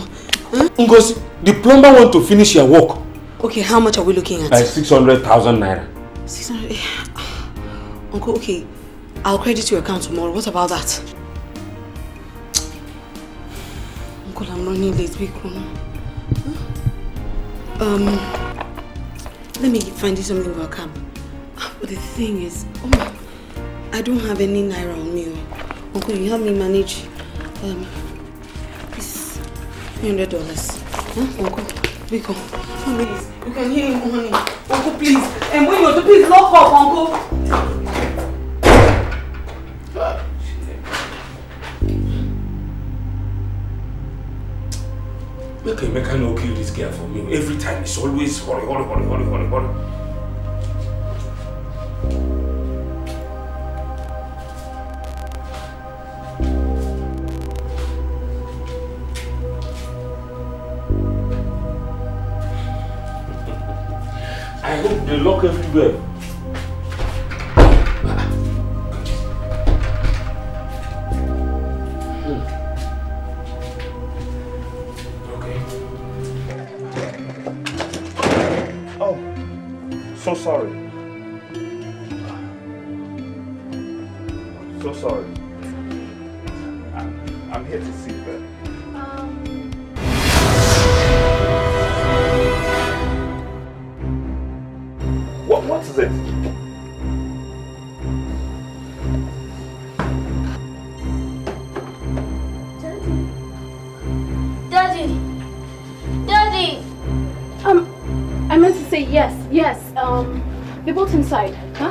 Speaker 2: Huh? Ngozi, the plumber wants to finish your work.
Speaker 7: Okay, how much are we looking at? Like
Speaker 2: 600,000 naira.
Speaker 7: 600? Eh, uncle, okay. I'll credit your account tomorrow. What about that? Uncle, I'm running late. Be cool. Um, let me find you something for a cab. Ah, but the thing is, oh my, I don't have any naira on me. Oh. Uncle, you help me manage. Um, this hundred dollars. Huh, Uncle? Biko, please. You can hear him, honey. Uncle, please. And when you're please lock up, Uncle.
Speaker 2: Make Emeka not kill this girl for me. Every time it's always hurry, hurry, hurry, hurry, hurry, hurry. I hope they lock everywhere.
Speaker 5: what is it?
Speaker 7: Daddy! Daddy! Um, I meant to say yes, yes. Um, they both inside, huh?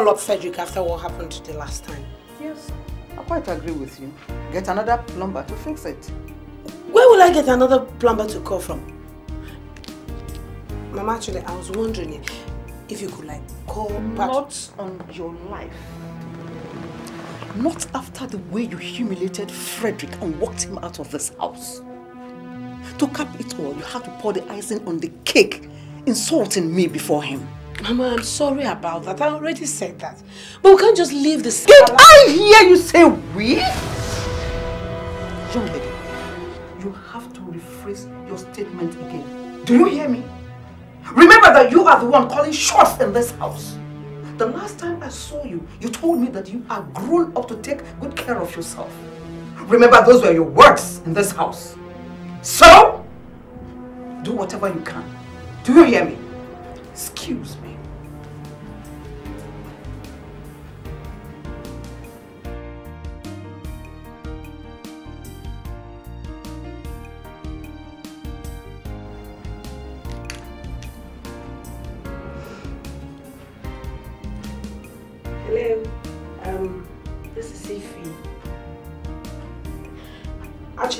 Speaker 7: call up Frederick after what happened the last time. Yes, I quite agree with you. Get another plumber to fix it. Where will I get another plumber to call from? Mama, actually, I was wondering if you could like call back. Not on your life. Not after the way you humiliated Frederick and walked him out of this house. To cap it all, you had to pour the icing on the cake, insulting me before him. Mama, I'm sorry about that. I already said that. But we can't just leave this. Did I hear you say we? Young lady, you have to rephrase your statement again. Do you hear me? Remember that you are the one calling shots in this house. The last time I saw you, you told me that you are grown up to take good care of yourself. Remember those were your words in this house. So, do whatever you can. Do you hear me? Excuse me.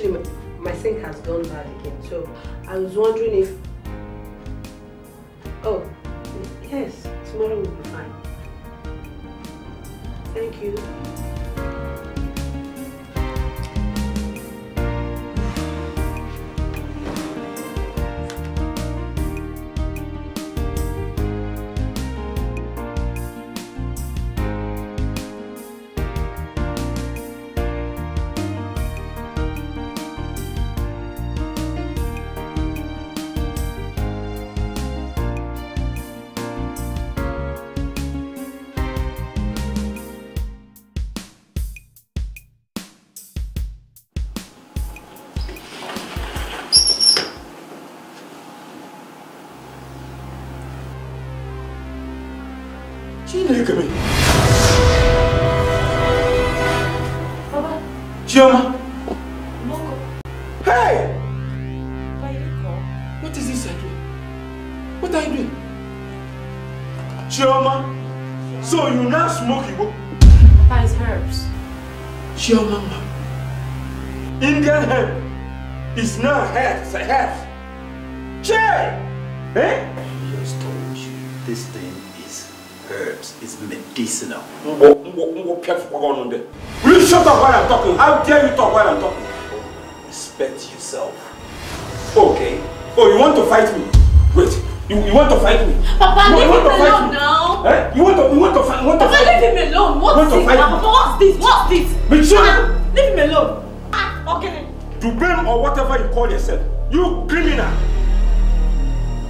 Speaker 7: actually my sink has gone bad again so i was wondering if
Speaker 2: Chioma! Moko! Hey! What is this again? What are you doing? Chioma! So you now smoke Igbo? Papa is herbs. Chioma, Indian herb is now herbs, have. Che! Eh? I
Speaker 4: just told you this thing is
Speaker 2: herbs, it's medicinal. shut up while I'm talking? How dare you talk while I'm talking? Respect yourself. Okay. Oh, you want to fight me? Wait. You, you want to fight me? Papa, you, leave you him alone me? now. Eh? You want to you want to fight? You want Papa, to fight leave him alone. What's this? Papa,
Speaker 6: what's this? What's this? Michelle, ah, leave him
Speaker 2: alone. Ah, okay. Dubem or whatever you call yourself, you criminal,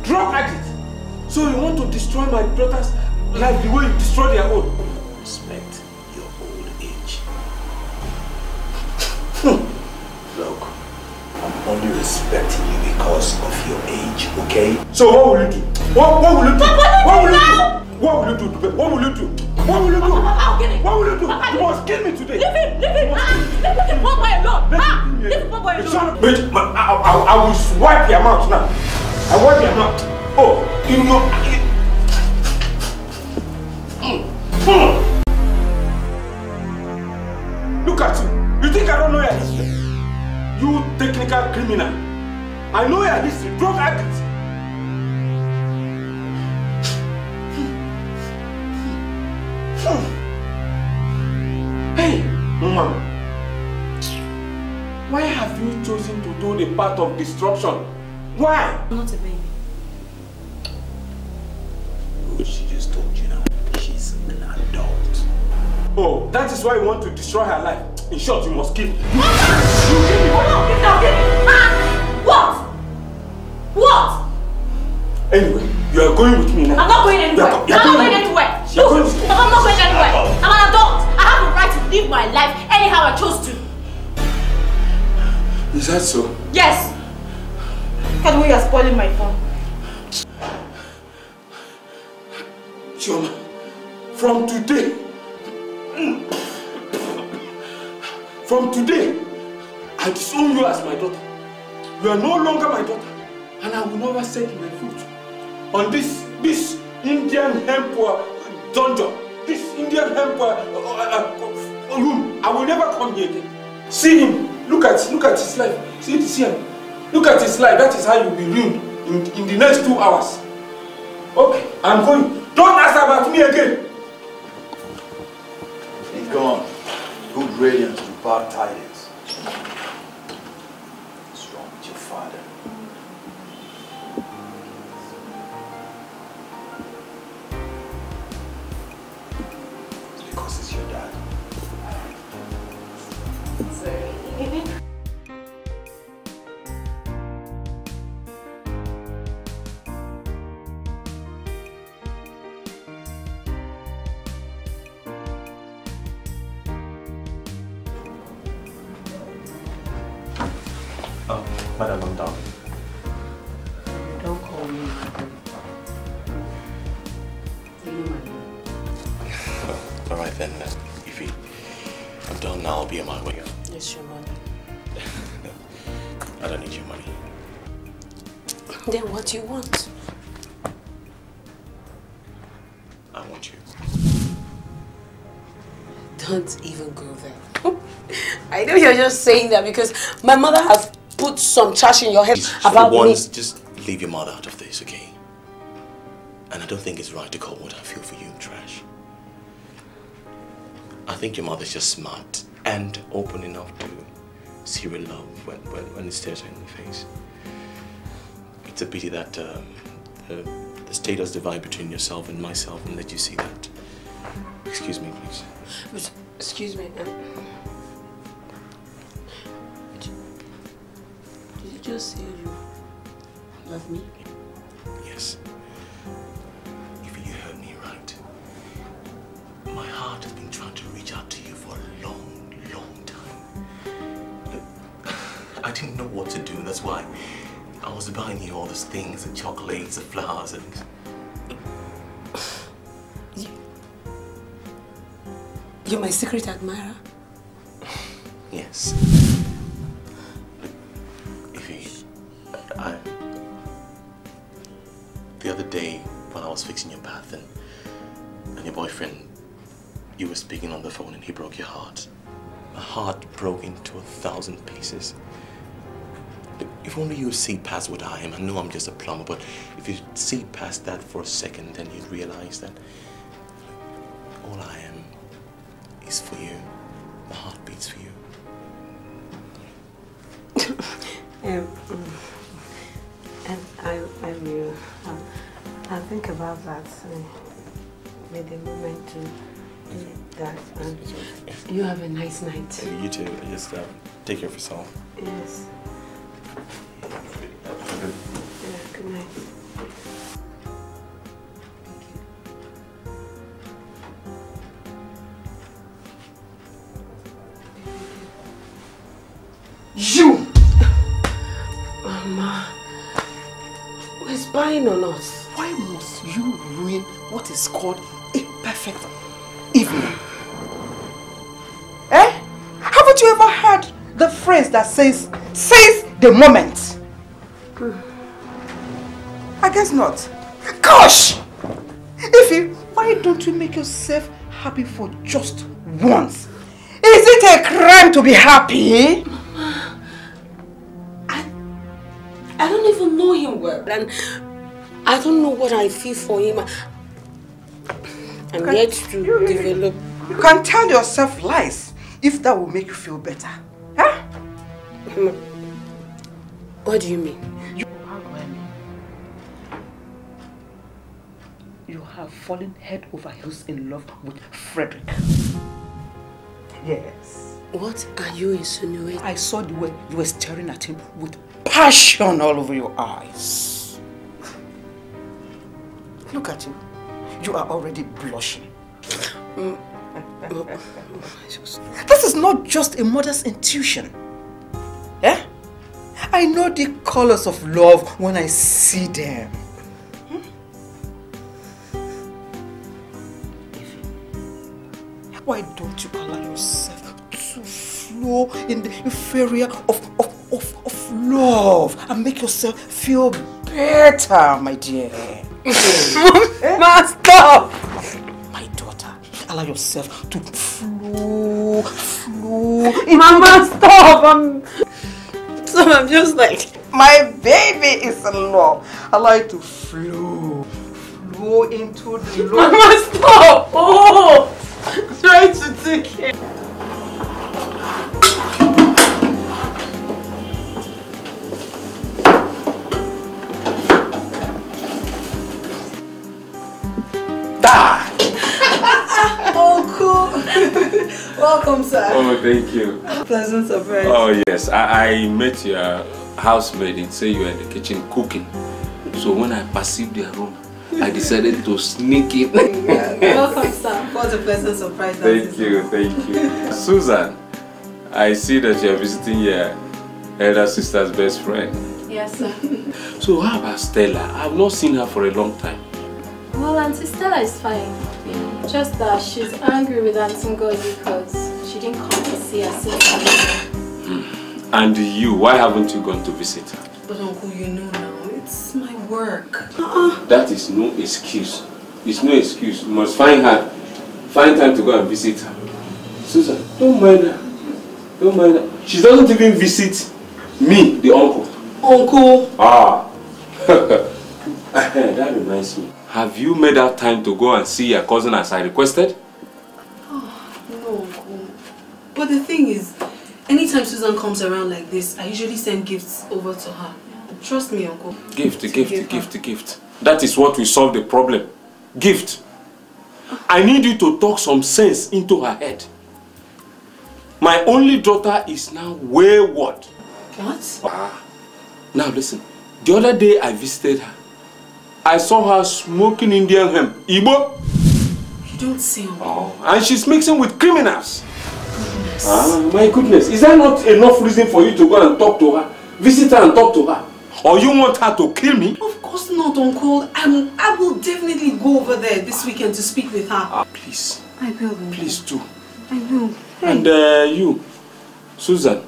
Speaker 2: drug addict. So you want to destroy my daughter's life the way you destroy their own? Respect.
Speaker 5: Look, I'm only respecting you because of your age,
Speaker 2: okay? So what will you do? What, what will you do? Papa, what will you now? do? What will you do? What will you do? What will you do? I'll get it. What will you do? Papa, you must kill me today. Leave him, leave him. Ah, leave ah, him poor alone. leave him poor alone. Bitch, man, I, I, I will swipe your mouth now. I wipe your mouth. Oh, you know. You... Mm. Mm. political criminal. I know your history, drug addict. Hey, Mama. Why have you chosen to do the path of destruction? Why? I'm not a baby. Oh, she just told you now, she's an adult. Oh, that is why you want to destroy her life. In short, you must kill me. You kill me. Get down, get me. Ah! What? What? Anyway, you are going with me now. I'm not going anywhere. You're, you're I'm going not
Speaker 7: going anywhere. You're going with me. I'm not going anywhere. Uh, uh. I'm an adult. I have the right to live my life anyhow I chose to. Is that so? Yes. Kadwe, you are spoiling my fun. Choma,
Speaker 2: from today, From today, I disown you as my daughter. You are no longer my daughter, and I will never set my foot on this this Indian hemp dungeon, this Indian hemp uh, uh, uh, room. I will never come here again. See him. Look at look at his life. See, see him. Look at his life. That is how you will be ruined in, in the next two hours. Okay, I'm going. Don't ask about me again.
Speaker 9: And come on. Good radiance. bad tidings. What's wrong with your father?
Speaker 7: It's because it's your dad. do you want? I want you. Don't even go there. I know you're just saying that because my mother has put some trash in your head just about once,
Speaker 8: me. Just leave your mother out of this, okay? And I don't think it's right to call what I feel for you trash. I think your mother's just smart and open enough to see real love when, when, when it stares her in the face. It's a pity that uh, the state does divide between yourself and myself and that you see that. Excuse me, please. But, excuse me. did, you, did you just say you
Speaker 7: love me? Yes. If you heard me right,
Speaker 8: my heart has been trying to reach out to you for a long, long time. I didn't know what to do, that's why buying you all those things, the chocolates, the flowers, and...
Speaker 7: You... are my secret admirer?
Speaker 8: Yes. if you... I... The other day, when I was fixing your bath and, and your boyfriend, you were speaking on the phone and he broke your heart. My heart broke into a thousand pieces. If only you see past what I am. I know I'm just a plumber, but if you see past that for a second, then you'd realize that all I am is for you. My heart beats for you. um, and I,
Speaker 7: I will. Um, I'll think about that. Uh, may the moment to do that. Um, you have a nice night.
Speaker 8: You too. Just uh, take care of yourself. Yes.
Speaker 4: You! Mama,
Speaker 7: who is buying on us? Why must you ruin what is called a perfect evening? eh? Haven't you ever heard the phrase that says the moment. I guess not. Gosh! Ify, why don't you make yourself happy for just once? Is it a crime to be happy? Mama, I, I don't even know him well. And I don't know what I feel for him. I'm yet to you, develop. You can tell yourself lies if that will make you feel better. Huh? Mama. What do you mean? You have You have fallen head over heels in love with Frederick. Yes. What are you insinuating? I saw the way you were staring at him with passion all over your eyes. Look at you. You are already blushing. Mm. this is not just a mother's intuition. Yeah. I know the colors of love when I see them. Why don't you allow yourself to flow in the inferior of, of, of, of love and make yourself feel better, my dear? Master! My daughter, allow yourself to flow, flow. Mama, stop! I'm I'm just like, my baby is in love. I like to flow. Flow into the love. Mama, stop! Oh! Try to take it.
Speaker 6: welcome, sir. Oh, thank you. Pleasant surprise.
Speaker 2: Oh, yes. I, I met your housemaid and say you were in the kitchen cooking. So when I perceived the aroma, I decided to sneak in. welcome,
Speaker 6: sir.
Speaker 7: What a pleasant surprise. Thank you, thank you.
Speaker 2: Susan, I see that you're visiting your elder sister's best friend.
Speaker 7: Yes, sir. So
Speaker 2: how about Stella? I've not seen her for a long time.
Speaker 7: Well, Auntie Stella is fine. Just that she's angry with Auntie Ngozi because didn't come to see her sister.
Speaker 2: Hmm. And you, why haven't you gone to visit her?
Speaker 7: But uncle, you know now, it's my work. Uh -uh.
Speaker 2: That is no excuse. It's no excuse. You must find her. Find time to go and visit her. Susan, don't mind her. Don't mind her. She doesn't even visit me, the uncle.
Speaker 7: Uncle?
Speaker 2: Ah. that reminds me. Have you made that time to go and see your cousin as I requested?
Speaker 7: But the thing is, anytime Susan comes around like this, I usually send gifts over to her. Trust me, Uncle.
Speaker 2: Gift, gift, gift, gift, gift. That is what will solve the problem. Gift. I need you to talk some sense into her head. My only daughter is now wayward. What? Ah. Now listen, the other day I visited her. I saw her smoking Indian hemp. Igbo? You don't say. Oh, and she's mixing with criminals. Yes. Ah, my goodness. Is that not enough reason for you to go and talk to her? Visit her and talk to her? Or you want her to kill me? Of
Speaker 7: course not, Uncle. I'm, I will definitely go over there this weekend to speak with her. Ah, please.
Speaker 4: I will. Please do. I will. Hey. And
Speaker 2: uh, you, Susan,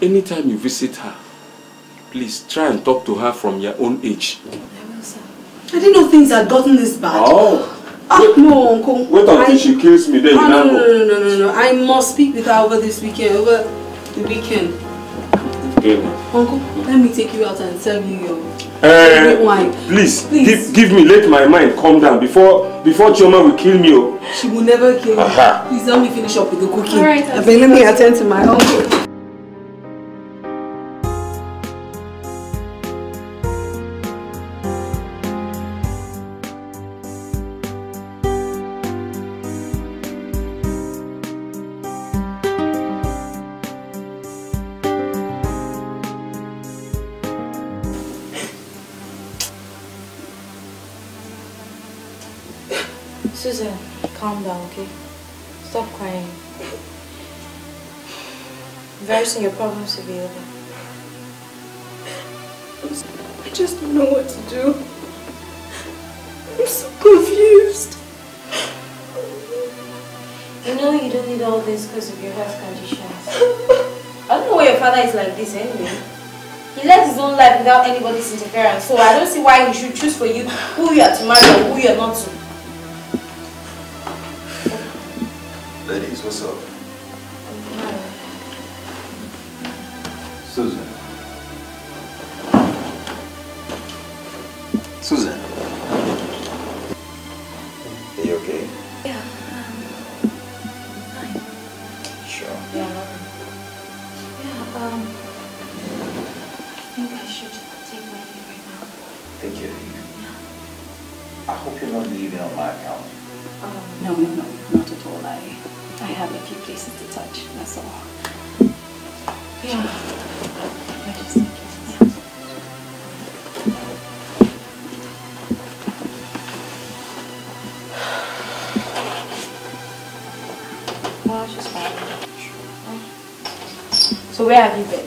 Speaker 2: anytime you visit her, please try and talk to her from your
Speaker 7: own age. I will, sir. I didn't know things had gotten this bad. Oh. Ah, wait, no, Uncle. Wait until she kills me, then ah, you no, no, no, no, no, no. I must speak with her over this weekend, over the weekend. Okay. Uncle, let me take you out and serve you your uh, wine.
Speaker 2: Please, please. Give, give me, let my mind calm down before before Chioma will kill me. Oh.
Speaker 7: She will never kill you. Please let me finish up with the cooking. All right. I let me attend to my uncle.
Speaker 4: your problems severely.
Speaker 7: I just don't know what to do. I'm so confused. You know you don't need all this because of your health conditions. I don't know why your father is like this anyway. He led his own life without anybody's interference, so I don't see why he should choose for you who you are to marry or who you are not to.
Speaker 5: Ladies, what's up?
Speaker 2: Susan.
Speaker 7: Susan. Are you okay?
Speaker 4: Yeah. Um,
Speaker 6: fine. Sure. Yeah. Um, yeah. Um. I think I should take my leave right now. Take
Speaker 7: your leave. Yeah. I hope you're not leaving on my account. Um, no, no, no, not at all. I, I have a few places to touch. That's all. Yeah. pouvait arriver.